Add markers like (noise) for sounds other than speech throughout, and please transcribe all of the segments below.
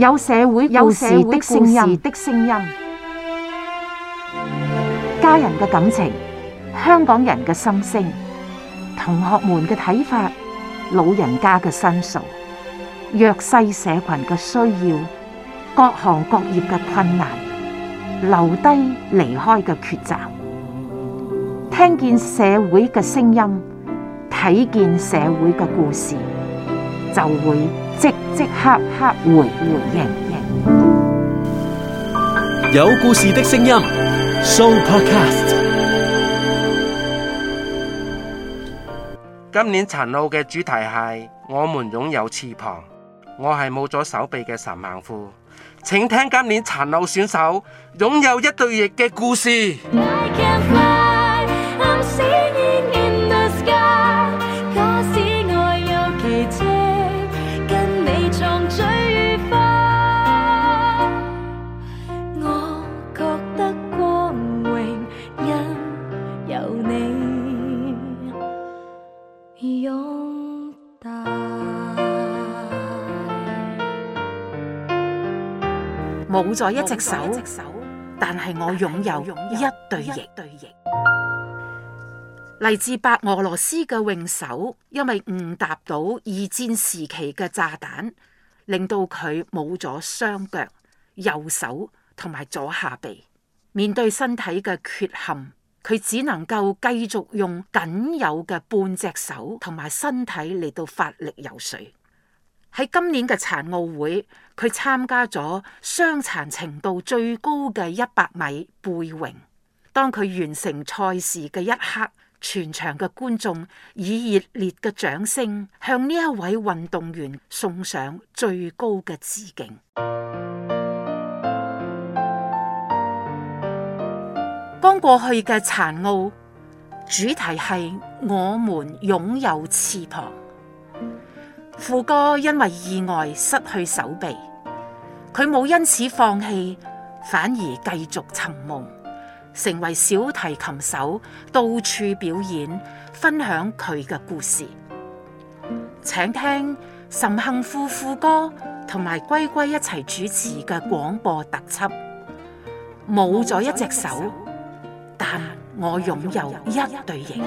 有社會有事的聲音，的聲音家人嘅感情，香港人嘅心聲，同學們嘅睇法，老人家嘅申訴，弱勢社群嘅需要，各行各業嘅困難，留低離開嘅抉擇，聽見社會嘅聲音，睇見社會嘅故事，就會。即即刻刻回回應，有故事的聲音，So Podcast。今年殘奧嘅主題係我們擁有翅膀，我係冇咗手臂嘅陳行富，請聽今年殘奧選手擁有一對翼嘅故事。冇咗一隻手，但係我，我擁有一對翼。嚟自白俄羅斯嘅泳手，因為誤踏到二戰時期嘅炸彈，令到佢冇咗雙腳、右手同埋左下臂。面對身體嘅缺陷，佢只能夠繼續用僅有嘅半隻手同埋身體嚟到發力游水。喺今年嘅殘奧會，佢參加咗傷殘程度最高嘅一百米背泳。當佢完成賽事嘅一刻，全場嘅觀眾以熱烈嘅掌聲向呢一位運動員送上最高嘅致敬。剛過去嘅殘奧主題係我們擁有翅膀。富哥因為意外失去手臂，佢冇因此放棄，反而繼續尋夢，成為小提琴手，到處表演，分享佢嘅故事。請聽岑幸富富哥同埋龜龜一齊主持嘅廣播特輯。冇咗一隻手，但我擁有一對翼。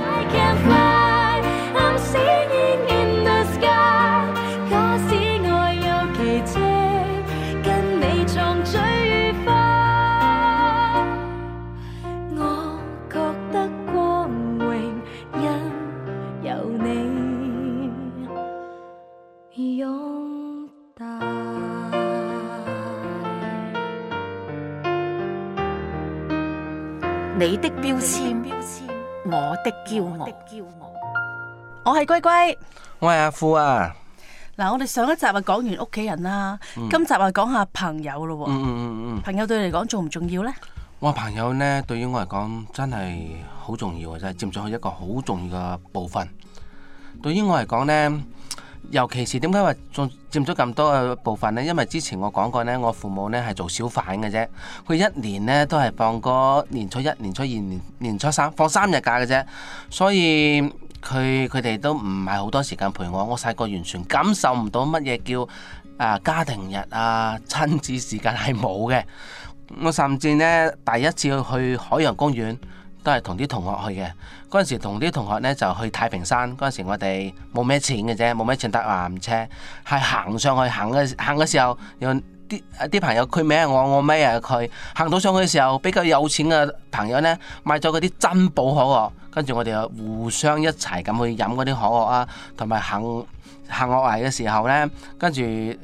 你的標籤，標籤，我的驕傲，我的驕傲。我係龜龜，我係阿富啊。嗱，我哋上一集啊講完屋企人啦，嗯、今集啊講下朋友咯。嗯嗯嗯、朋友對你嚟講重唔重要呢？哇，朋友呢，對於我嚟講真係好重要啊，真係佔咗一個好重要嘅部分。對於我嚟講呢。尤其是點解話仲佔咗咁多嘅部分呢？因為之前我講過呢，我父母呢係做小販嘅啫，佢一年呢都係放個年初一、年初二年、年初三，放三日假嘅啫，所以佢佢哋都唔係好多時間陪我。我細個完全感受唔到乜嘢叫誒家庭日啊，親子時間係冇嘅。我甚至呢，第一次去海洋公園。都係同啲同學去嘅，嗰陣時同啲同學呢，就去太平山。嗰陣時我哋冇咩錢嘅啫，冇咩錢搭纜車，係行上去，行嘅行嘅時候，有啲啊啲朋友，佢孭係我，我孭係佢。行到上去嘅時候，比較有錢嘅朋友呢，買咗嗰啲珍寶可樂，跟住我哋又互相一齊咁去飲嗰啲可樂啊，同埋行行落嚟嘅時候呢，跟住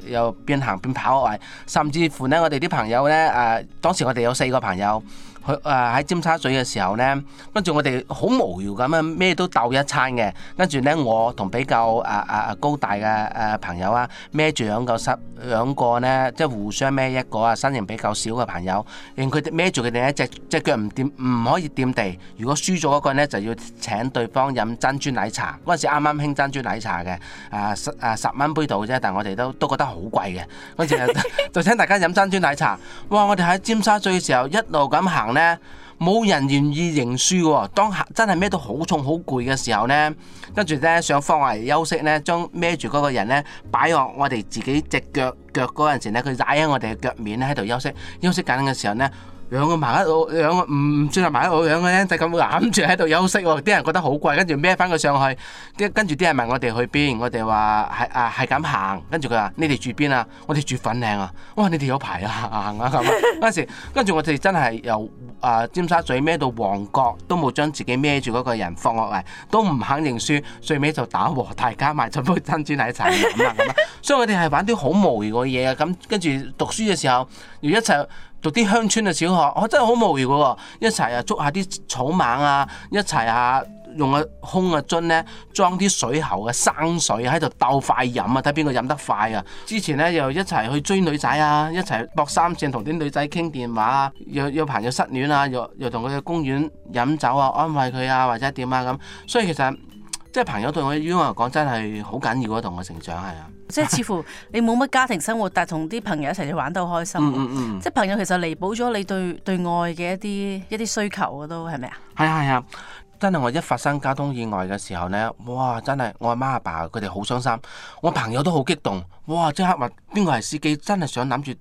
又邊行邊跑落嚟，甚至乎呢，我哋啲朋友呢，誒、呃、當時我哋有四個朋友。佢誒喺尖沙咀嘅時候咧，跟住我哋好無聊咁樣咩都鬥一餐嘅。跟住咧，我同比較啊啊高大嘅誒朋友啊，孭住兩個濕兩個咧，即係互相孭一個啊，身形比較少嘅朋友，令佢哋孭住佢哋一隻隻腳唔掂，唔可以掂地。如果輸咗個咧，就要請對方飲珍珠奶茶。陣時啱啱興珍珠奶茶嘅，啊十啊十蚊杯度啫，但係我哋都都覺得好貴嘅。嗰陣就請大家飲珍珠奶茶。哇！我哋喺尖沙咀嘅時候一路咁行。咧冇人願意認輸喎。當真係孭到好重好攰嘅時候呢，跟住呢想放下休息呢，將孭住嗰個人呢擺落我哋自己隻腳腳嗰陣時咧，佢踩喺我哋嘅腳面呢，喺度休息休息緊嘅時候呢。養個埋一路，養唔唔算係埋一路。養嘅，呢就咁攬住喺度休息。啲人覺得好貴，跟住孭翻佢上去。跟住啲人問我哋去邊？我哋話係啊係咁行。跟住佢話你哋住邊啊？我哋住粉嶺啊！哇！你哋有排啊？行啊咁啊！嗰時跟住我哋真係由啊尖沙咀孭到旺角，都冇將自己孭住嗰個人放落嚟，都唔肯認輸。最尾就打和大，大家埋在杯珍珠奶茶入面。所以我哋係玩啲好無聊嘅嘢啊！咁跟住讀書嘅時候要一齊。讀啲鄉村嘅小學，我、哦、真係好無聊嘅喎，一齊啊捉下啲草蜢啊，一齊啊用個空嘅樽呢，裝啲水喉嘅生水喺度鬥快飲啊，睇邊個飲得快啊！之前呢，又一齊去追女仔啊，一齊搏三線同啲女仔傾電話，又有朋友失戀啊，又又同佢去公園飲酒啊，安慰佢啊或者點啊咁，所以其實即係朋友對我嚟講真係好緊要啊，同我成長係啊。即係 (laughs) 似乎你冇乜家庭生活，但係同啲朋友一齊去玩都開心。嗯嗯嗯。即係朋友其實彌補咗你對對愛嘅一啲一啲需求都是是啊，都係咪啊？係啊係啊，真係我一發生交通意外嘅時候呢，哇！真係我阿媽阿爸佢哋好傷心，我朋友都好激動。哇！即刻話邊個係司機？真係想諗住。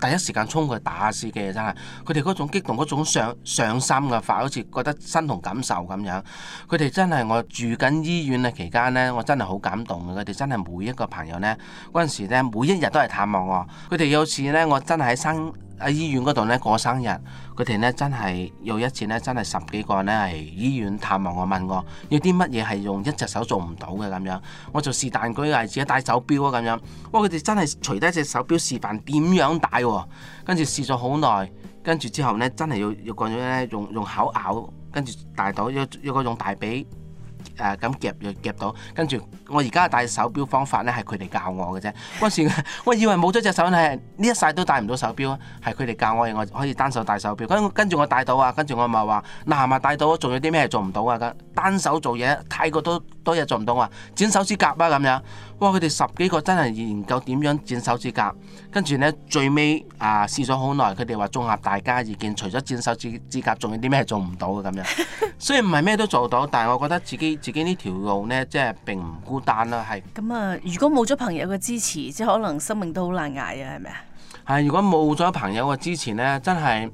第一時間衝佢打司機，真係佢哋嗰種激動、嗰種上上心嘅法，好似覺得身同感受咁樣。佢哋真係我住緊醫院嘅期間呢，我真係好感動嘅。佢哋真係每一個朋友呢，嗰陣時呢，每一日都係探望我。佢哋有次呢，我真係喺生喺醫院嗰度咧過生日，佢哋咧真係有一次咧真係十幾個咧喺醫院探望我問我，有啲乜嘢係用一隻手做唔到嘅咁樣，我就是但舉自己戴手錶啊咁樣，哇佢哋真係除低隻手錶示範點樣戴喎，啊，跟住試咗好耐，跟住之後咧真係要要講咗咧用用口咬，跟住大到一一個用大髀。誒咁、啊、夾又夾到，跟住我而家戴手錶方法咧係佢哋教我嘅啫。嗰時我以為冇咗隻手，係呢一世都戴唔到手錶啊。係佢哋教我，我可以單手戴手錶。跟跟住我戴到啊，跟住我咪話，嗱，咪戴到，仲有啲咩做唔到啊？咁單手做嘢，太過都多嘢做唔到啊，剪手指甲啊咁樣。哇！佢哋十幾個真係研究點樣剪手指甲，跟住呢，最尾啊試咗好耐，佢哋話，綜合大家意見，除咗剪手指指甲，仲有啲咩係做唔到嘅咁樣， (laughs) 雖然唔係咩都做到，但係我覺得自己自己呢條路呢，即係並唔孤單啦，係。咁啊，如果冇咗朋友嘅支持，即係可能生命都好難捱啊，係咪啊？係，如果冇咗朋友嘅支持呢，真係。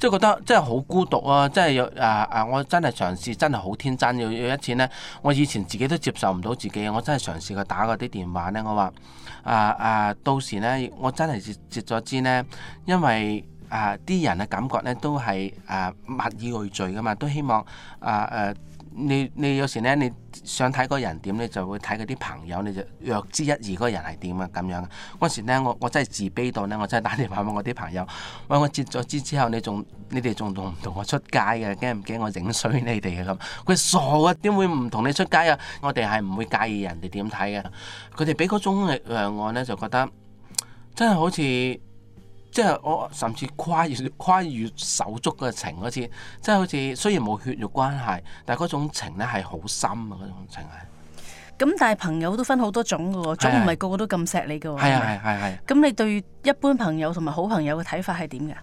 即係覺得，真係好孤獨啊！真係有誒誒，我真係嘗試，真係好天真。有要，要一次呢，我以前自己都接受唔到自己，我真係嘗試過打過啲電話呢，我話誒誒，到時呢，我真係接接咗之呢，因為誒啲、呃、人嘅感覺呢都係誒、呃、物以類聚噶嘛，都希望誒誒。呃呃你你有時咧，你想睇嗰個人點，你就會睇嗰啲朋友，你就若知一二嗰個人係點啊，咁樣。嗰時咧，我我真係自卑到咧，我真係打電話問我啲朋友：喂，我截咗之後，你仲你哋仲同唔同我出街嘅啊？驚唔驚我影衰你哋嘅咁？佢傻啊，點會唔同你出街啊？我哋係唔會介意人哋點睇嘅。佢哋俾嗰種力量我咧，就覺得真係好似。即係我甚至跨越跨越手足嘅情，即好似即係好似雖然冇血肉關係，但係嗰種情咧係好深啊！嗰種情係。咁但係朋友都分好多種嘅喎，總唔係個個都咁錫你嘅喎。係係係係。咁你對一般朋友同埋好朋友嘅睇法係點嘅？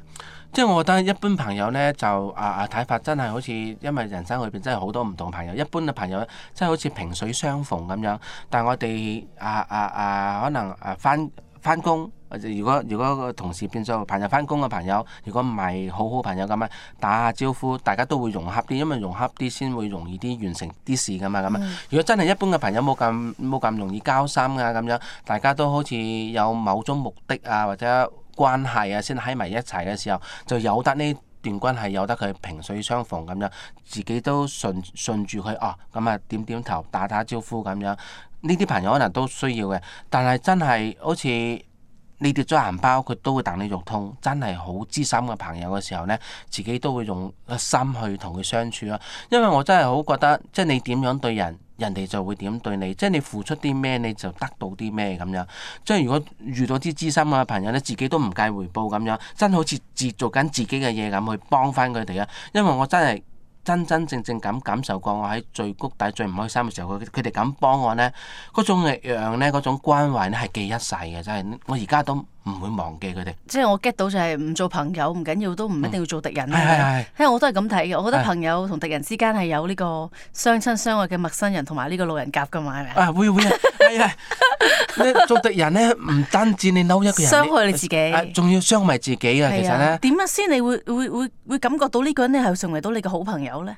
即係我覺得一般朋友咧就啊啊睇法真係好似，因為人生裏邊真係好多唔同朋友。一般嘅朋友真係好似萍水相逢咁樣，但係我哋啊啊啊可能啊翻。翻工，如果如果個同事變咗朋友翻工嘅朋友，如果唔係好好朋友咁樣，打下招呼，大家都會融洽啲，因為融洽啲先會容易啲完成啲事噶嘛咁樣。如果真係一般嘅朋友冇咁冇咁容易交心啊咁樣，大家都好似有某種目的啊或者關係啊，先喺埋一齊嘅時候，就有得呢段關係有得佢萍水相逢咁樣，自己都順順住佢哦，咁啊點點頭打打招呼咁樣。呢啲朋友可能都需要嘅，但係真係好似你跌咗銀包，佢都會戥你肉痛。真係好知心嘅朋友嘅時候呢，自己都會用心去同佢相處咯。因為我真係好覺得，即係你點樣對人，人哋就會點對你。即係你付出啲咩，你就得到啲咩咁樣。即係如果遇到啲知心嘅朋友咧，自己都唔計回報咁樣，真係好似接做緊自己嘅嘢咁去幫翻佢哋啊。因為我真係。真真正正咁感受過我喺最谷底、最唔開心嘅時候，佢佢哋咁幫我呢，嗰種力量咧，嗰種關懷咧，係記一世嘅，真係我而家都。唔會忘記佢哋，即係我 get 到就係唔做朋友，唔緊要都唔一定要做敵人。係係係，因為吧的我都係咁睇嘅。我覺得朋友同敵人之間係有呢個相親相愛嘅陌生人同埋呢個老人甲嘅嘛，係咪啊？會會係啊！哎、呀 (laughs) 你做敵人咧，唔單止你嬲一個人，傷害你自己，仲、啊、要傷害自己啊！的其實咧，點樣先你會會會會，會感覺到呢個人咧係成為到你嘅好朋友咧？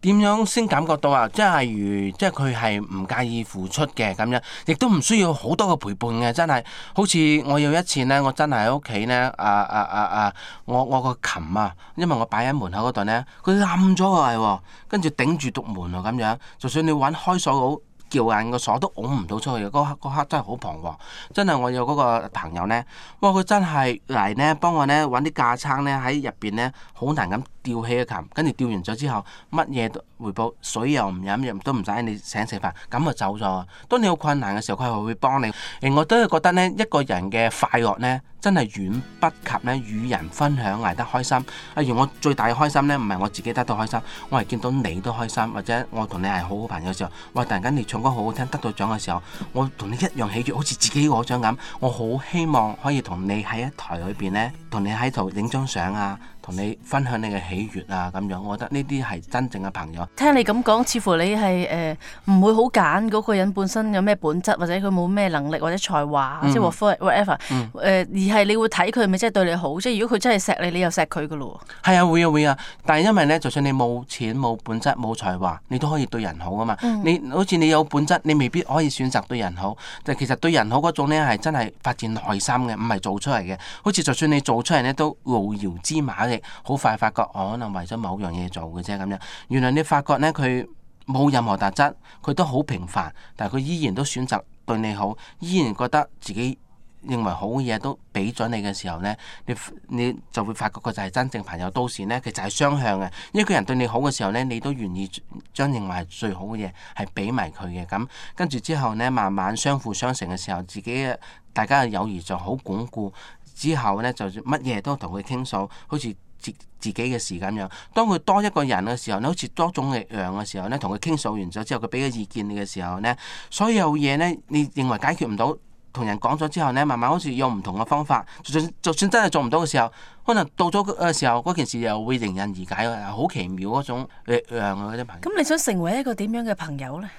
點樣先感覺到啊？即係如即係佢係唔介意付出嘅咁樣，亦都唔需要好多嘅陪伴嘅。真係好似我有一次呢，我真係喺屋企呢，啊啊啊啊！我我個琴啊，因為我擺喺門口嗰度呢，佢冧咗個嚟喎，跟住頂住獨門喎、啊、咁樣。就算你揾開鎖佬，撬硬個鎖，都㧬唔到出去。嗰刻嗰刻真係好彷徨，真係我有嗰個朋友呢，哇！佢真係嚟呢，幫我呢，揾啲架撐呢，喺入邊呢，好難咁。吊起嘅琴，跟住吊完咗之後，乜嘢都回報，水又唔飲，又都唔使你請食飯，咁就走咗。當你好困難嘅時候，佢係會幫你。而，我都係覺得呢，一個人嘅快樂呢，真係遠不及呢與人分享捱得開心。例如我最大嘅開心呢，唔係我自己得到開心，我係見到你都開心，或者我同你係好好朋友嘅時候，我突然間你唱歌好好聽，得到獎嘅時候，我同你一樣喜悅，好似自己攞獎咁。我好希望可以同你喺一台裏邊呢，同你喺度影張相啊！同你分享你嘅喜悅啊，咁樣，我覺得呢啲係真正嘅朋友。聽你咁講，似乎你係誒唔會好揀嗰個人本身有咩本質，或者佢冇咩能力或者才華，即係 whatever。誒、呃，而係你會睇佢係咪真係對你好。即係、嗯、如果佢真係錫你，你又錫佢噶咯。係啊，會啊，會啊。但係因為咧，就算你冇錢、冇本質、冇才華，你都可以對人好噶嘛。嗯、你好似你有本質，你未必可以選擇對人好。但其實對人好嗰種咧，係真係發自內心嘅，唔係做出嚟嘅。好似就算你做出嚟咧，都路遙之馬嘅。好快發覺我可能為咗某樣嘢做嘅啫咁樣，原來你發覺呢，佢冇任何特質，佢都好平凡，但係佢依然都選擇對你好，依然覺得自己認為好嘅嘢都俾咗你嘅時候呢，你你就會發覺佢就係真正朋友。到時呢，佢就係雙向嘅，因為佢人對你好嘅時候呢，你都願意將認為係最好嘅嘢係俾埋佢嘅。咁跟住之後呢，慢慢相輔相成嘅時候，自己大家嘅友誼就好鞏固。之後呢，就乜嘢都同佢傾訴，好似～自自己嘅事咁樣，當佢多一個人嘅時候，咧好似多種力量嘅時候，咧同佢傾訴完咗之後，佢俾個意見你嘅時候咧，所有嘢咧，你認為解決唔到，同人講咗之後咧，慢慢好似用唔同嘅方法，就算就算真係做唔到嘅時候，可能到咗嘅時候嗰件事又會迎刃而解，好奇妙嗰種力量。嗰啲朋友。咁你想成為一個點樣嘅朋友咧？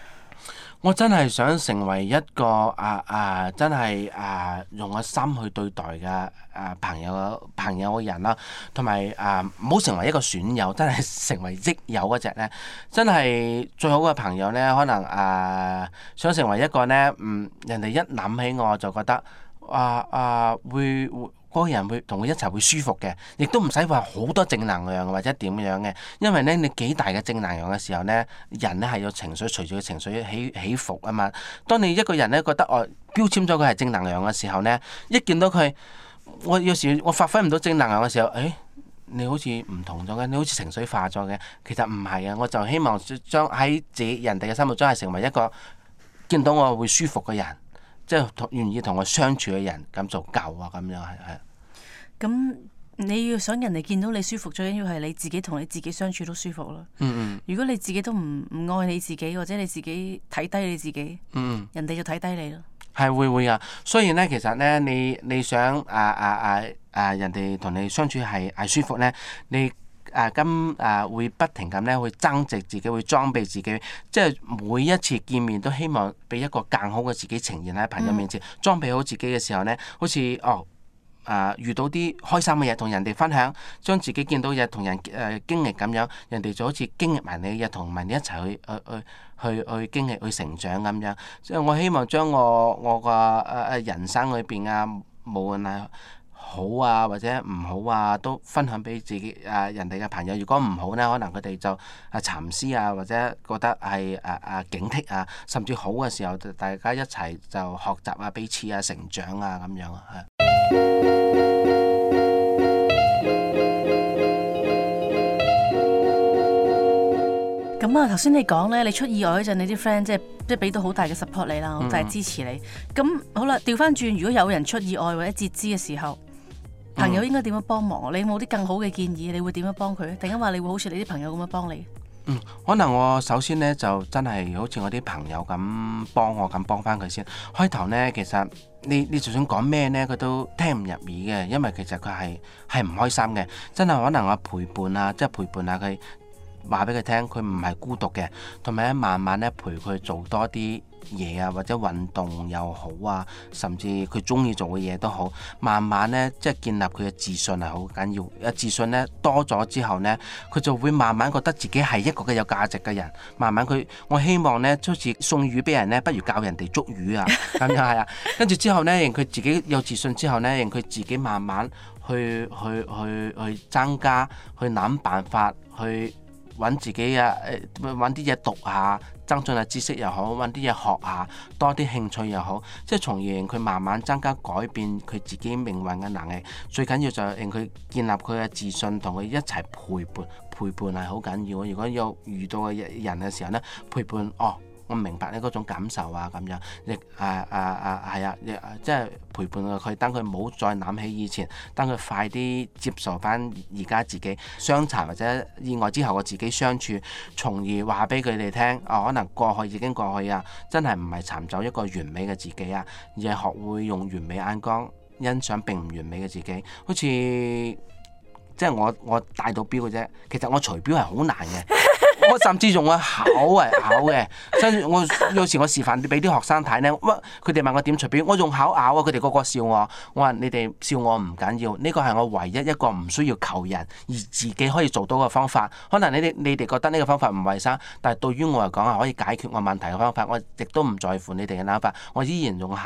我真係想成為一個啊啊，真係啊用個心去對待嘅啊朋友嘅朋友嘅人啦，同埋啊唔好成為一個損友，真係成為益友嗰隻呢。真係最好嘅朋友呢，可能啊想成為一個呢。嗯，人哋一諗起我就覺得啊啊會。會嗰個人會同佢一齊會舒服嘅，亦都唔使話好多正能量或者點樣嘅，因為咧你幾大嘅正能量嘅時候咧，人咧係有情緒隨住情緒起起伏啊嘛。當你一個人咧覺得我標籤咗佢係正能量嘅時候咧，一見到佢，我有時我發揮唔到正能量嘅時候，誒你好似唔同咗嘅，你好似情緒化咗嘅，其實唔係嘅，我就希望將喺自己人哋嘅心目中係成為一個見到我會舒服嘅人。即係願意同我相處嘅人，咁做夠啊，咁樣係係。咁你要想人哋見到你舒服，最緊要係你自己同你自己相處都舒服咯。嗯嗯。如果你自己都唔唔愛你自己，或者你自己睇低你自己，嗯嗯，人哋就睇低你咯。係會會啊，雖然咧，其實咧，你你想啊啊啊啊，人哋同你相處係係、啊、舒服咧，你。啊，咁啊，會不停咁咧，去增值自己，會裝備自己，即係每一次見面都希望俾一個更好嘅自己呈現喺朋友面前。裝備好自己嘅時候咧，好似哦，啊遇到啲開心嘅嘢同人哋分享，將自己見到嘢同人誒、呃、經歷咁樣，人哋就好似經歷埋你嘅嘢，同埋你一齊去去去去去經歷去成長咁樣。即係我希望將我我個誒誒人生裏邊啊冇啊那。好啊，或者唔好啊，都分享俾自己啊人哋嘅朋友。如果唔好呢，可能佢哋就啊沉思啊，或者覺得係誒誒警惕啊。甚至好嘅時候，大家一齊就學習啊，彼此啊成長啊咁樣啊。咁啊、嗯，頭先你講呢，你出意外嗰陣，你啲 friend 即係即係俾到好大嘅 support 你啦，就係支持你。咁好啦，調翻轉，如果有人出意外或者截肢嘅時候，朋友應該點樣幫忙？你冇啲更好嘅建議，你會點樣幫佢？定係話你會好似你啲朋友咁樣幫你？嗯，可能我首先呢，就真係好似我啲朋友咁幫我咁幫翻佢先。開頭呢，其實你你就算講咩呢，佢都聽唔入耳嘅，因為其實佢係係唔開心嘅。真係可能我陪伴啊，即係陪伴下佢，話俾佢聽，佢唔係孤獨嘅。同埋慢慢咧陪佢做多啲嘢啊，或者運動又好啊，甚至佢中意做嘅嘢都好，慢慢呢，即係建立佢嘅自信係好緊要。誒自信呢，多咗之後呢，佢就會慢慢覺得自己係一個嘅有價值嘅人。慢慢佢，我希望呢，即係送魚俾人呢，不如教人哋捉魚啊，咁樣係啊。跟住之後呢，令佢自己有自信之後呢，令佢自己慢慢去去去去增加，去諗辦法，去揾自己啊誒揾啲嘢讀下。增進下知識又好，揾啲嘢學下，多啲興趣又好，即係從而令佢慢慢增加改變佢自己命運嘅能力。最緊要就係令佢建立佢嘅自信，同佢一齊陪伴。陪伴係好緊要。如果有遇到嘅人嘅時候呢，陪伴哦。我明白你嗰種感受啊，咁樣你，啊啊啊，係啊，你即係陪伴佢，佢等佢冇再諗起以前，等佢快啲接受翻而家自己傷殘或者意外之後嘅自己相處，從而話俾佢哋聽，哦，可能過去已經過去啊，真係唔係尋找一個完美嘅自己啊，而係學會用完美眼光欣賞並唔完美嘅自己，好似即係我我帶到錶嘅啫，其實我除錶係好難嘅。我甚至用個口嚟咬嘅，所以我有時我示範俾啲學生睇呢，佢哋問我點除錶，我用口咬啊，佢哋個個笑我，我話你哋笑我唔緊要，呢個係我唯一一個唔需要求人而自己可以做到嘅方法。可能你哋你哋覺得呢個方法唔衞生，但係對於我嚟講係可以解決我問題嘅方法。我亦都唔在乎你哋嘅諗法，我依然用口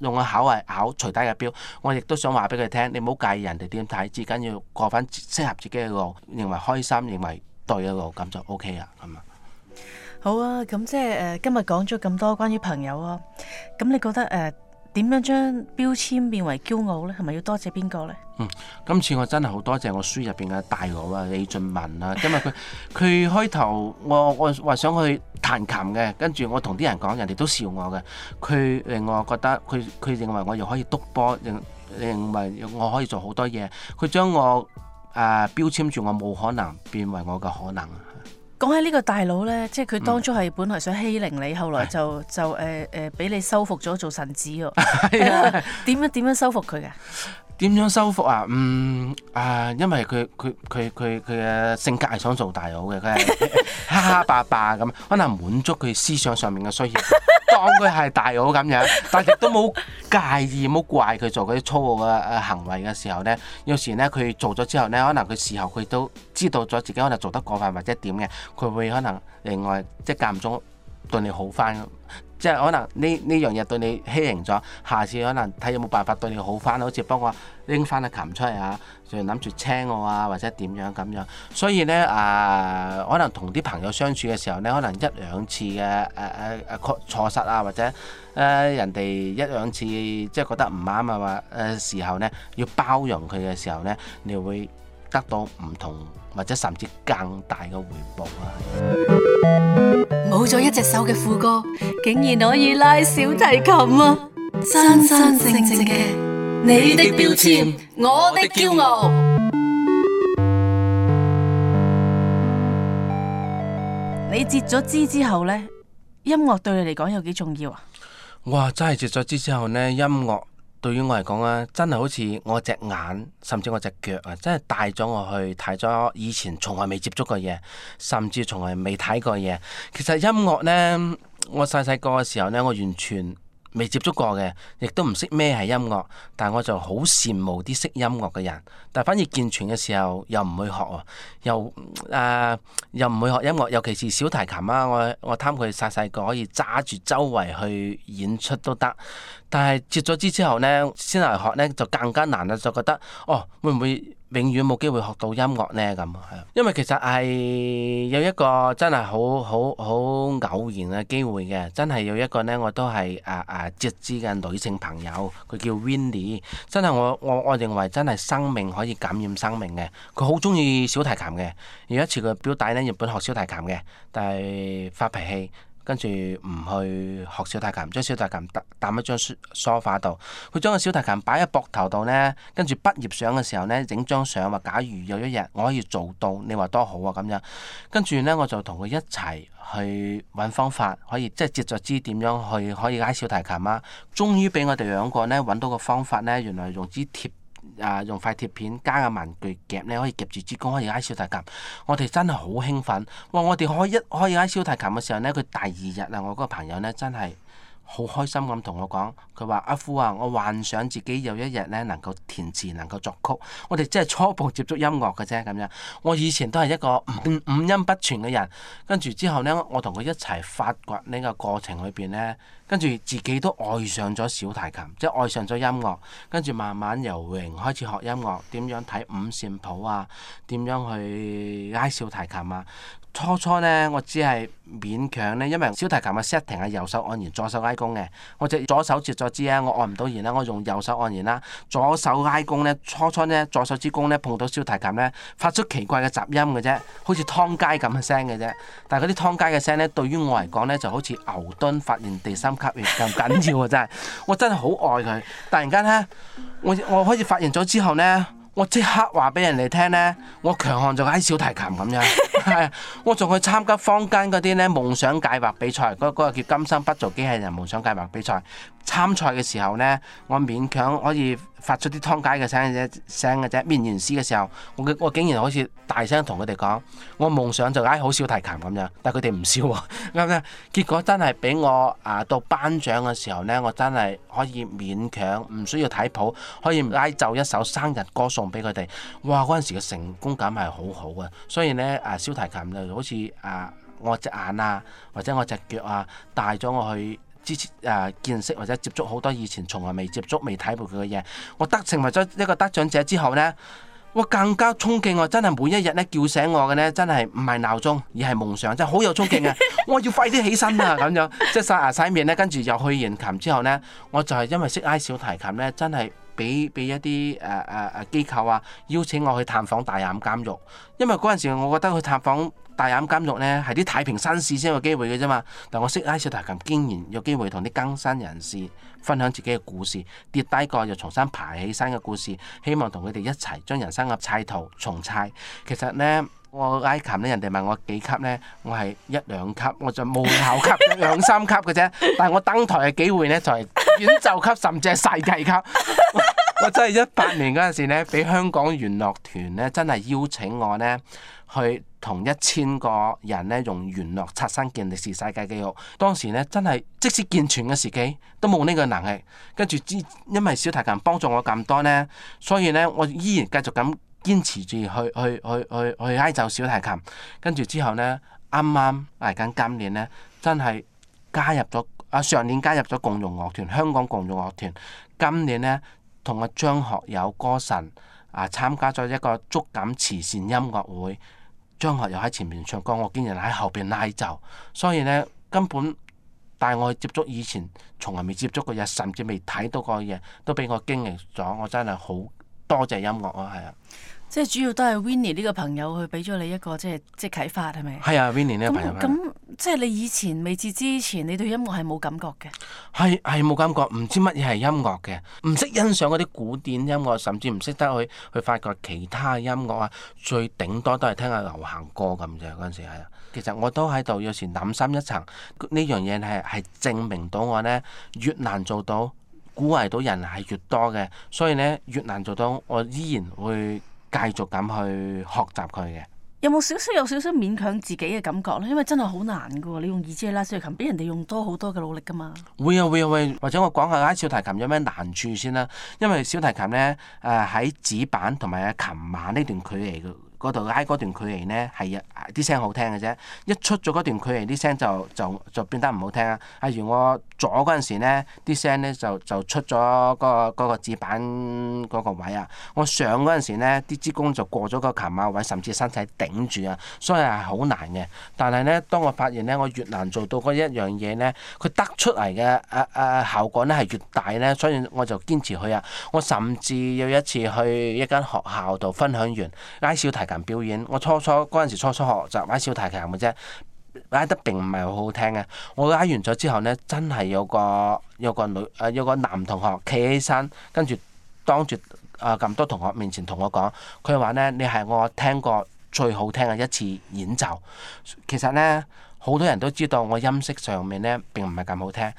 用個口嚟咬除低嘅錶。我亦都想話俾佢哋聽，你唔好介意人哋點睇，至緊要過翻適合自己嘅路，認為開心，認為。對一路咁就 O K 喇，好啊，咁即係誒、呃，今日講咗咁多關於朋友啊，咁你覺得誒點、呃、樣將標籤變為驕傲呢？係咪要多謝邊個呢、嗯？今次我真係好多謝我書入邊嘅大佬啊，李俊文啊，因為佢佢 (laughs) 開頭我我話想去彈琴嘅，跟住我同啲人講，人哋都笑我嘅。佢令我覺得佢佢認為我又可以督波，認認為我可以做好多嘢。佢將我。啊！標籤住我冇可能變為我嘅可能。講起呢個大佬呢，即係佢當初係本來想欺凌你，嗯、後來就是就誒誒，俾、呃呃、你收服咗做神子喎。點 (laughs) (laughs) (laughs) 樣點樣收服佢嘅？點樣修復啊？嗯啊，因為佢佢佢佢佢嘅性格係想做大佬嘅，佢係哈哈霸霸咁， (laughs) 可能滿足佢思想上面嘅需要， (laughs) 當佢係大佬咁樣，但係亦都冇介意冇 (laughs) 怪佢做嗰啲粗暴嘅誒行為嘅時候咧，有時咧佢做咗之後咧，可能佢事後佢都知道咗自己可能做得過分或者點嘅，佢會可能另外即係間唔中對你好翻。即係可能呢呢樣嘢對你欺凌咗，下次可能睇有冇辦法對你好翻，好似幫我拎翻個琴出嚟啊，仲諗住請我啊，或者點樣咁樣。所以呢，啊、呃，可能同啲朋友相處嘅時、呃呃呃時，呃、時候呢，可能一兩次嘅誒誒誒錯錯失啊，或者誒人哋一兩次即係覺得唔啱啊，話誒時候呢要包容佢嘅時候呢，你會。得到唔同或者甚至更大嘅回報啊！冇咗一隻手嘅副歌，竟然可以拉小提琴啊！真真正正嘅，你的標籤，我的驕傲。你截咗肢之後呢，音樂對你嚟講有幾重要啊？哇！真係截咗肢之後呢，音樂。對於我嚟講咧，真係好似我隻眼，甚至我隻腳啊，真係帶咗我去睇咗以前從來未接觸過嘢，甚至從來未睇過嘢。其實音樂呢，我細細個嘅時候呢，我完全未接觸過嘅，亦都唔識咩係音樂。但係我就好羨慕啲識音樂嘅人。但係反而健全嘅時候又唔會學又誒、呃、又唔會學音樂，尤其是小提琴啊。我我貪佢細細個可以揸住周圍去演出都得。但係截咗肢之後呢，先嚟學呢就更加難啦，就覺得哦，會唔會永遠冇機會學到音樂呢？咁係，因為其實係有一個真係好好好偶然嘅機會嘅，真係有一個呢，我都係誒誒截肢嘅女性朋友，佢叫 Winnie，真係我我我認為真係生命可以感染生命嘅，佢好中意小提琴嘅，有一次佢表弟呢，日本學小提琴嘅，但係發脾氣。跟住唔去學小提琴，將小提琴搭攤喺張梳化度。佢將個小提琴擺喺膊頭度呢，跟住畢業相嘅時候呢，影張相話：假如有一日我可以做到，你話多好啊咁樣。跟住呢，我就同佢一齊去揾方法，可以即係接着支點樣去可以拉小提琴啊。終於俾我哋兩個呢，揾到個方法呢，原來用支貼。啊！用塊鐵片加個文具夾咧，可以夾住支弓，可以拉小提琴。我哋真係好興奮。哇！我哋可以一可以拉小提琴嘅時候呢，佢第二日啊，我嗰個朋友呢，真係～好開心咁同我講，佢話：阿夫啊，我幻想自己有一日呢能夠填詞，能夠作曲。我哋即係初步接觸音樂嘅啫咁樣。我以前都係一個五，五音不全嘅人，跟住之後呢，我同佢一齊發掘呢個過程裏邊呢，跟住自己都愛上咗小提琴，即係愛上咗音樂。跟住慢慢由零，開始學音樂，點樣睇五線譜啊？點樣去拉小提琴啊？初初咧，我只係勉強咧，因為小提琴嘅 setting 係右手按弦、左手拉弓嘅。我隻左手接咗支後，我按唔到弦啦，我用右手按弦啦，左手拉弓咧。初初咧，左手支弓咧碰到小提琴咧，發出奇怪嘅雜音嘅啫，好似湯雞咁嘅聲嘅啫。但係嗰啲湯雞嘅聲咧，對於我嚟講咧，就好似牛頓發現第三級月咁緊要啊！真係，我真係好愛佢。突然間咧，我我開始發現咗之後咧。我即刻話俾人哋聽呢我強項就係小提琴咁樣，係我仲去參加坊間嗰啲咧夢想計劃比賽，嗰、嗰個叫《今生不做機器人》夢想計劃比賽。參賽嘅時候呢，我勉強可以。發出啲劏街嘅聲啫，聲嘅啫。練完詩嘅時候，我我竟然好似大聲同佢哋講，我夢想就拉好小提琴咁樣。但係佢哋唔笑，啱唔啱？結果真係俾我啊，到頒獎嘅時候呢，我真係可以勉強唔需要睇譜，可以拉就一首生日歌送俾佢哋。哇！嗰陣時嘅成功感係好好嘅。所以呢，啊小提琴就好似啊我隻眼啊，或者我隻腳啊，帶咗我去。之前誒見識或者接觸好多以前從來未接觸未睇過佢嘅嘢，我得成為咗一個得獎者之後呢，我更加憧憬。我真係每一日咧叫醒我嘅呢，真係唔係鬧鐘，而係夢想，真係好有衝勁 (laughs) 啊！我要快啲起身啊，咁樣即係刷牙洗面呢。跟住又去練琴之後呢，我就係因為識拉小提琴呢，真係俾俾一啲誒誒誒機構啊邀請我去探訪大欖監獄，因為嗰陣時我覺得去探訪。大膽監獄呢，係啲太平紳士先有機會嘅啫嘛。但我識拉小提琴，竟然有機會同啲更新人士分享自己嘅故事，跌低過又重新爬起身嘅故事。希望同佢哋一齊將人生嘅砌圖重砌。其實呢，我拉琴呢，人哋問我幾級呢？我係一兩級，我就冇考級， (laughs) 兩三級嘅啫。但係我登台嘅機會呢，就係演奏級，甚至係世界級。我，我真係一八年嗰陣時呢，俾香港弦樂團呢，真係邀請我呢去。同一千個人咧，用弦樂刷新健力士世界紀錄。當時咧，真係即使健全嘅時期都冇呢個能力。跟住之，因為小提琴幫助我咁多呢，所以咧我依然繼續咁堅持住去去去去去拉奏小提琴。跟住之後呢，啱啱嚟緊今年呢，真係加入咗啊，上年加入咗共融樂團，香港共融樂團。今年呢，同阿張學友歌神啊參加咗一個觸感慈善音樂會。張學友喺前面唱歌，我竟然喺後邊拉奏，所以呢，根本帶我去接觸以前從來未接觸過嘅嘢，甚至未睇到過嘅嘢，都俾我經歷咗。我真係好多謝音樂啊，係啊，即係主要都係 Winnie 呢個朋友去俾咗你一個即係即係啟發，係咪？係啊，Winnie 呢個朋友。即係你以前未至之前，你對音樂係冇感覺嘅，係係冇感覺，唔知乜嘢係音樂嘅，唔識欣賞嗰啲古典音樂，甚至唔識得去去發掘其他音樂啊，最頂多都係聽下流行歌咁啫。嗰時係啊，其實我都喺度有時諗深一層，呢樣嘢係係證明到我呢，越難做到，鼓勵到人係越多嘅，所以呢，越難做到，我依然會繼續咁去學習佢嘅。有冇少少有少少勉強自己嘅感覺咧？因為真係好難噶，你用二指拉小提琴，比人哋用多好多嘅努力噶嘛會、啊。會啊會啊會！或者我講下拉小提琴有咩難處先啦、啊。因為小提琴咧，誒喺指板同埋啊琴碼呢段距離嗰度拉嗰段距離咧，係啲聲好聽嘅啫。一出咗嗰段距離，啲聲就就就變得唔好聽啦、啊。例如我。咗嗰陣時咧，啲聲呢，就就出咗嗰嗰個指板嗰個位啊！我上嗰陣時咧，啲指弓就過咗個琴碼位，甚至身體頂住啊，所以係好難嘅。但係呢，當我發現呢，我越難做到嗰一樣嘢呢，佢得出嚟嘅誒誒效果呢係越大呢。所以我就堅持去啊！我甚至有一次去一間學校度分享完拉小提琴表演，我初初嗰陣時初初學就拉小提琴嘅啫。拉得並唔係好好聽嘅，我拉完咗之後呢，真係有個有個女啊，有個男同學企起身，跟住當住咁、呃、多同學面前同我講，佢話呢，你係我聽過最好聽嘅一次演奏。其實呢，好多人都知道我音色上面呢並唔係咁好聽。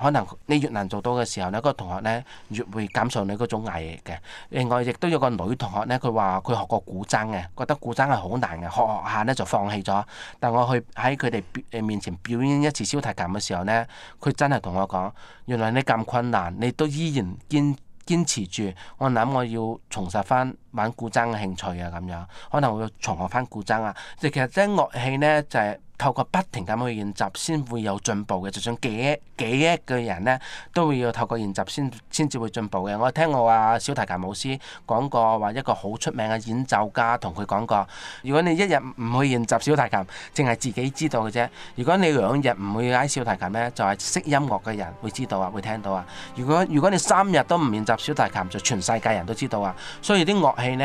可能你越難做到嘅時候呢，嗰個同學呢越會感受你嗰種毅力嘅。另外亦都有個女同學呢，佢話佢學過古箏嘅，覺得古箏係好難嘅，學學下呢就放棄咗。但我去喺佢哋面前表演一次小提琴嘅時候呢，佢真係同我講：原來你咁困難，你都依然堅堅持住。我諗我要重拾返玩古箏嘅興趣啊，咁樣可能會重學翻古箏啊。即其實即樂器呢，就係透過不停咁去練習先會有進步嘅。就算幾億幾億嘅人呢，都會要透過練習先先至會進步嘅。我聽我啊小提琴老師講過，話一個好出名嘅演奏家同佢講過，如果你一日唔去練習小提琴，淨係自己知道嘅啫。如果你兩日唔去拉小提琴呢，就係識音樂嘅人會知道啊，會聽到啊。如果如果你三日都唔練習小提琴，就全世界人都知道啊。所以啲樂器器呢，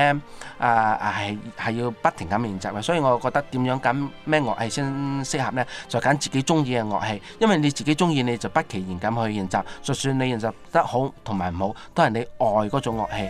啊啊係係要不停咁練習嘅，所以我覺得點樣揀咩樂器先適合呢？就揀自己中意嘅樂器，因為你自己中意，你就不期然咁去練習，就算你練習得好同埋唔好，都係你愛嗰種樂器。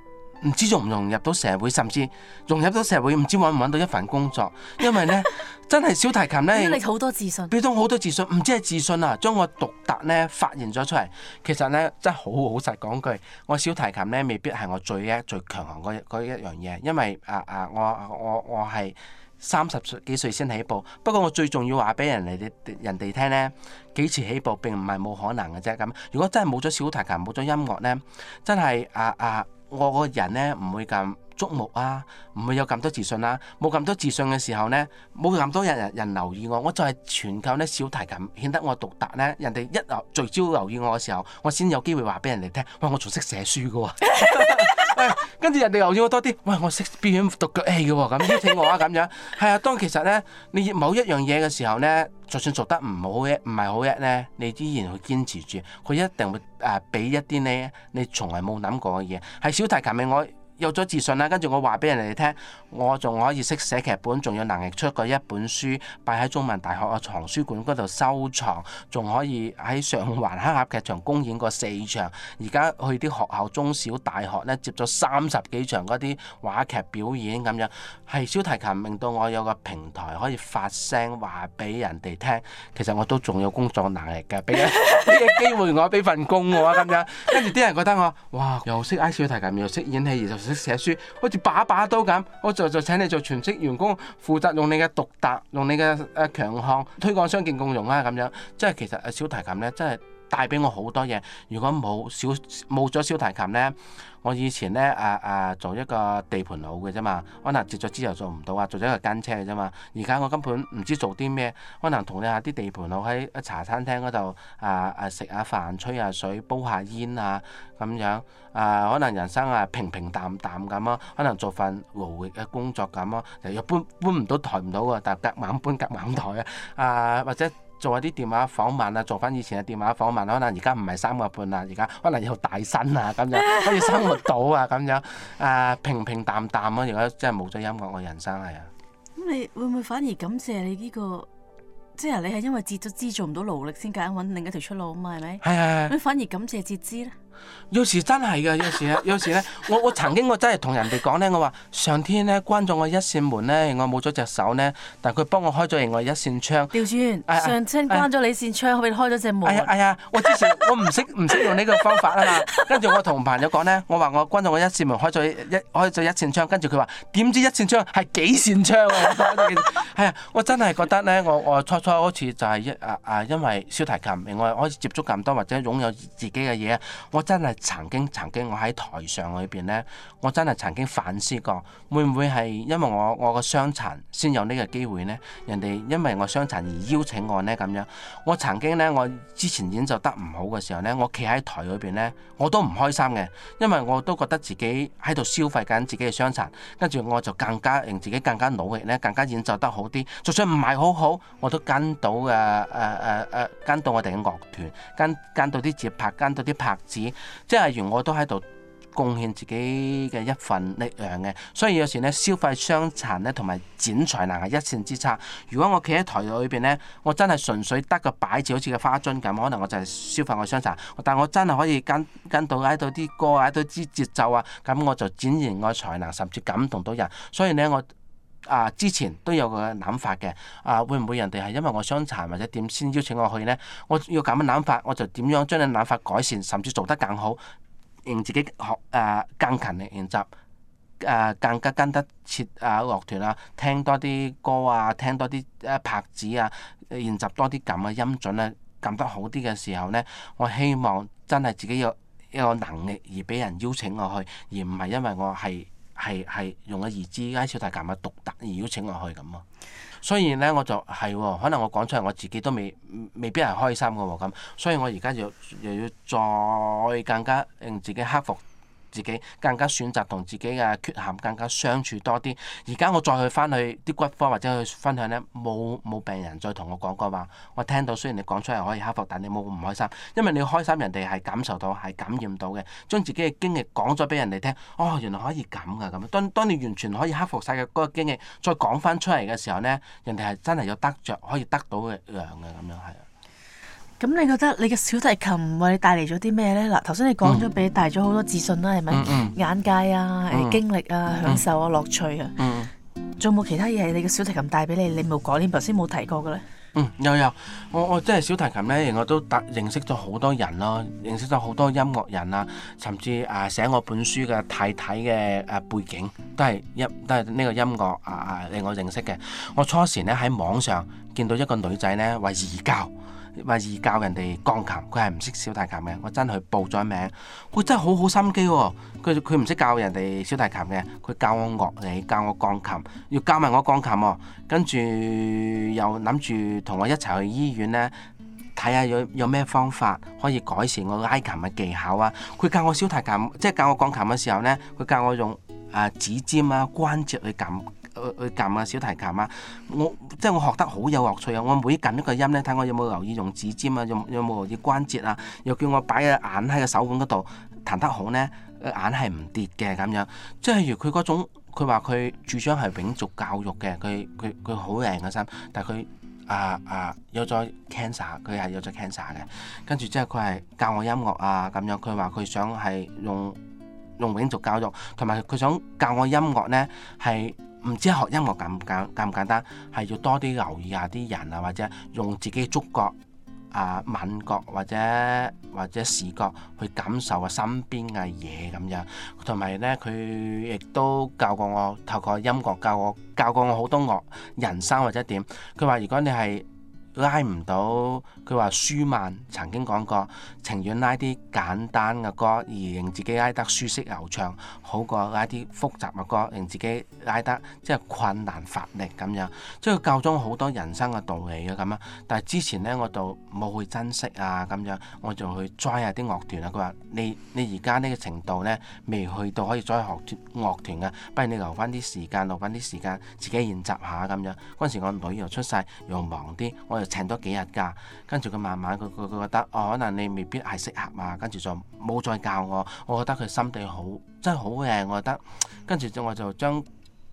唔知融唔融入到社會，甚至融入到社會，唔知揾唔揾到一份工作。因為呢 (laughs) 真係小提琴呢，俾你好多自信，俾到好多自信。唔知係自信啊，將我獨特呢發現咗出嚟。其實呢真係好好實講句，我小提琴呢未必係我最叻、最強強嗰一樣嘢，因為啊啊，我我我係三十歲幾歲先起步。不過我最重要話俾人哋人哋聽呢，幾時起步並唔係冇可能嘅啫。咁如果真係冇咗小提琴、冇咗音樂呢，真係啊啊！啊啊。我個人呢，唔會咁矚目啊，唔會有咁多自信啦、啊。冇咁多自信嘅時候呢，冇咁多人人，人留意我。我就係全靠呢小提琴顯得我獨特呢。人哋一聚焦留意我嘅時候，我先有機會話俾人哋聽。喂，我仲識寫書噶、啊。 (laughs) 哎、跟住人哋又要我多啲，喂，我識表演獨腳戲嘅，咁邀請我啊，咁樣係啊。當其實咧，你某一樣嘢嘅時候咧，就算做得唔好嘅，唔係好叻咧，你依然會堅持住，佢一定會誒俾、啊、一啲你你從來冇諗過嘅嘢。係小提琴嘅我。有咗自信啦，跟住我話俾人哋聽，我仲可以識寫劇本，仲有能力出過一本書，擺喺中文大學嘅藏書館嗰度收藏，仲可以喺上環黑鴨劇場公演過四場，而家去啲學校中小大學咧接咗三十幾場嗰啲話劇表演咁樣，係小提琴令到我有個平台可以發聲話俾人哋聽，其實我都仲有工作能力嘅，俾嘅機會我俾份工我咁樣，跟住啲人覺得我哇又識拉小提琴又識演戲又識。又寫書好似把把刀咁，我就就請你做全職員工，負責用你嘅獨特，用你嘅誒強項推廣傷健共融啦。咁 (noise) 樣樂，即係其實誒，小提琴咧，即係。 (music) 帶俾我好多嘢。如果冇小冇咗小提琴呢，我以前呢，啊啊做一個地盤佬嘅啫嘛，可能接咗之後做唔到啊，做咗一個跟車嘅啫嘛。而家我根本唔知做啲咩，可能同你下啲地盤佬喺茶餐廳嗰度啊啊食下飯、吹下水、煲下煙啊咁樣啊，可能人生啊平平淡淡咁咯、啊，可能做份勞役嘅工作咁咯、啊，又搬搬唔到，到、抬唔到喎，但係夾硬搬夾硬抬、夾硬抬啊啊或者。做下啲電話訪問啊，做翻以前嘅電話訪問，可能而家唔係三個半啦，而家可能又大身啊咁樣，可以生活到啊咁 (laughs) 樣，啊、呃、平平淡淡啊，而家真係冇咗音樂我人生係啊。咁你會唔會反而感謝你呢、這個？即係你係因為截咗肢做唔到勞力先，揀另一條出路啊嘛，係咪？係係係。咁反而感謝截肢咧？有時真係嘅，有時咧，有時咧，我我曾經我真係同人哋講咧，我話上天咧關咗我一扇門咧，我冇咗隻手咧，但佢幫我開咗另外一扇窗。調轉，上天關咗你扇窗，開開咗隻門。係啊，我之前我唔識唔識用呢個方法啊嘛。跟住我同朋友講咧，我話我關咗我一扇門，開咗一開咗一扇窗。跟住佢話點知一扇窗係幾扇窗啊？係啊，我真係覺得咧，我我初初好似就係一啊啊，因為小提琴，另外開始接觸咁多或者擁有自己嘅嘢我真係曾經曾經我喺台上裏邊咧，我真係曾經反思過會唔會係因為我我個傷殘先有呢個機會咧？人哋因為我傷殘而邀請我咧咁樣。我曾經咧，我之前演奏得唔好嘅時候咧，我企喺台裏邊咧，我都唔開心嘅，因為我都覺得自己喺度消費緊自己嘅傷殘。跟住我就更加令自己更加努力咧，更加演奏得好啲。就算唔係好好，我都跟到嘅，誒誒誒跟到我哋嘅樂團跟跟到啲節拍，跟到啲拍子。即係，如我都喺度貢獻自己嘅一份力量嘅，所以有時呢，消費傷殘呢同埋展才能係一線之差。如果我企喺台裏邊呢，我真係純粹得個擺設，好似個花樽咁，可能我就係消費我傷殘。但我真係可以跟跟到喺度啲歌，喺度啲節奏啊，咁我就展現我才能，甚至感動到人。所以呢，我。啊！之前都有個諗法嘅，啊會唔會人哋係因為我傷殘或者點先邀請我去呢？我要咁嘅諗法，我就點樣將你個諗法改善，甚至做得更好，令自己學啊更勤力練習，啊更加跟得切啊樂團啊，聽多啲歌啊，聽多啲拍子啊，練習多啲琴嘅音準啊，撳得好啲嘅時候呢，我希望真係自己有一個能力而俾人邀請我去，而唔係因為我係。係係用個義肢，拉小提琴嘅獨特而邀請我去咁咯、啊。所以咧，我就係可能我講出嚟，我自己都未未必係開心嘅喎咁。所以我而家要又要再更加令自己克服。自己更加選擇同自己嘅缺陷更加相處多啲。而家我再去翻去啲骨科或者去分享呢，冇冇病人再同我講過話。我聽到雖然你講出嚟可以克服，但你冇唔開心，因為你開心人哋係感受到係感染到嘅。將自己嘅經歷講咗俾人哋聽，哦，原來可以咁噶咁樣。當當你完全可以克服晒嘅嗰個經歷，再講翻出嚟嘅時候呢，人哋係真係有得着，可以得到嘅樣嘅咁樣係啊。咁你覺得你嘅小提琴為你帶嚟咗啲咩呢？嗱，頭先你講咗俾你帶咗好多自信啦，係咪？眼界啊，經歷啊，享受啊，樂趣啊，仲有冇其他嘢係你嘅小提琴帶俾你，你冇講，你頭先冇提過嘅咧？有有，我我即係小提琴呢，我都達認識咗好多人咯，認識咗好多音樂人啊，甚至誒寫我本書嘅太太嘅背景，都係音都係呢個音樂啊令我認識嘅。我初時呢，喺網上見到一個女仔呢，為義教，話易教人哋鋼琴，佢係唔識小提琴嘅。我真係報咗名，佢真係好好心機喎、哦。佢佢唔識教人哋小提琴嘅，佢教我樂理，教我鋼琴，要教埋我鋼琴、哦。跟住又諗住同我一齊去醫院呢，睇下有有咩方法可以改善我拉琴嘅技巧啊。佢教我小提琴，即係教我鋼琴嘅時候呢，佢教我用誒指尖啊關節去撳。誒誒，撳啊小提琴啊！我即係我學得好有樂趣啊！我每撳一個音咧，睇我有冇留意用指尖啊，用有冇留意關節啊，又叫我擺個眼喺個手腕嗰度彈得好呢，眼係唔跌嘅咁樣。即係如佢嗰種，佢話佢主張係永續教育嘅，佢佢佢好靚嘅心，但係佢啊啊有咗 cancer，佢係有咗 cancer 嘅。跟住之後佢係教我音樂啊咁樣，佢話佢想係用用永續教育，同埋佢想教我音樂呢係。唔知學音樂簡唔簡，簡唔簡單，係要多啲留意下啲人啊，或者用自己觸覺啊、呃、敏覺或者或者視覺去感受下身邊嘅嘢咁樣，同埋呢，佢亦都教過我透過音樂教我教過我好多樂人生或者點，佢話如果你係。拉唔到，佢話舒曼曾經講過，情願拉啲簡單嘅歌，而令自己拉得舒適流暢，好過拉啲複雜嘅歌，令自己拉得即係困難乏力咁樣，即係教中好多人生嘅道理嘅咁樣，但係之前咧，我就冇去珍惜啊咁樣，我就去追下啲樂團啊。佢話你你而家呢個程度咧，未去到可以再學樂團啊，不如你留翻啲時間留翻啲時間自己練習下咁樣，嗰陣時我女又出世，又忙啲，我就請多幾日假，跟住佢慢慢佢佢佢覺得哦，可能你未必係適合啊，跟住就冇再教我。我覺得佢心地好，真係好嘅，我覺得。跟住就我就將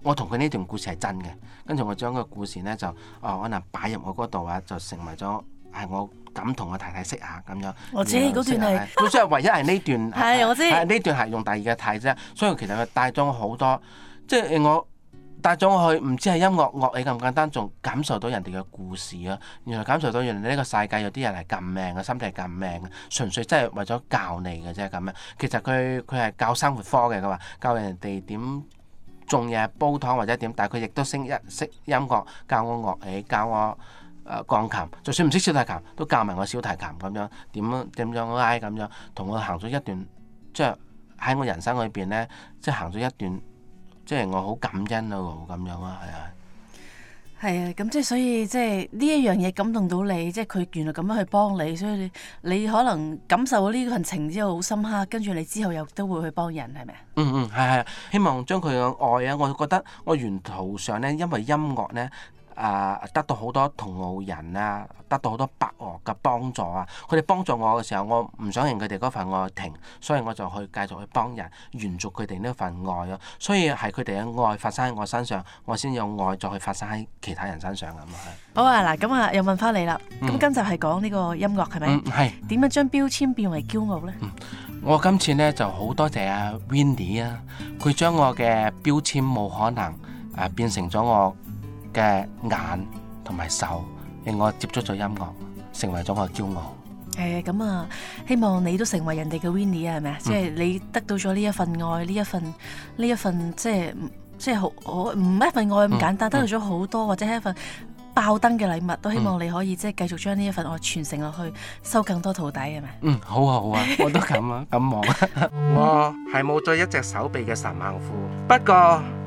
我同佢呢段故事係真嘅，跟住我將個故事咧就哦可能擺入我嗰度啊，就成為咗係我咁同我太太識下咁樣。我知嗰、啊、段係，本身係唯一係呢段，係我知呢段係用第二個睇啫，所以其實佢帶咗好多，即、就、係、是、我。帶咗我去，唔知係音樂樂器咁簡單，仲感受到人哋嘅故事啊！原來感受到原來呢個世界有啲人係咁命嘅，心地係咁命嘅，純粹真係為咗教你嘅啫咁樣。其實佢佢係教生活科嘅，佢話教人哋點種嘢、煲湯或者點，但係佢亦都識一識音樂，教我樂器，教我誒鋼琴。就算唔識小提琴，都教埋我小提琴咁樣，點點樣拉咁樣，同我行咗一段，即係喺我人生裏邊咧，即係行咗一段。即係我好感恩咯，咁樣啊，係啊，係啊，咁即係所以即係呢一樣嘢感動到你，即係佢原來咁樣去幫你，所以你你可能感受到呢份情之後好深刻，跟住你之後又都會去幫人，係咪啊？嗯嗯，係係，希望將佢嘅愛啊，我覺得我沿途上咧，因為音樂咧。啊！Uh, 得到好多同路人啊，得到好多伯樂嘅幫助啊，佢哋幫助我嘅時候，我唔想認佢哋嗰份愛，停，所以我就去繼續去幫人，延續佢哋呢份愛咯、啊。所以係佢哋嘅愛發生喺我身上，我先有愛再去發生喺其他人身上咁好、oh, 啊，嗱，咁啊，又問翻你啦。咁今集係講呢個音樂係咪？嗯，係點吧、嗯、樣將標籤變為驕傲呢？嗯、我今次呢就好多謝阿、啊、Wendy 啊，佢將我嘅標籤冇可能啊變成咗我。嘅眼同埋手令我接觸咗音樂，成為咗我嘅驕傲。誒、欸，咁啊，希望你都成為人哋嘅 Winnie 啊，係咪啊？即係你得到咗呢一份愛，呢一份呢一份，一份即係即係好我唔係一份愛咁簡單，嗯、得到咗好多或者係一份爆燈嘅禮物，都希望你可以、嗯、即係繼續將呢一份愛傳承落去，收更多徒弟係咪？嗯，好啊，好啊，我都咁啊，咁望。我係冇咗一隻手臂嘅神猛夫，不過。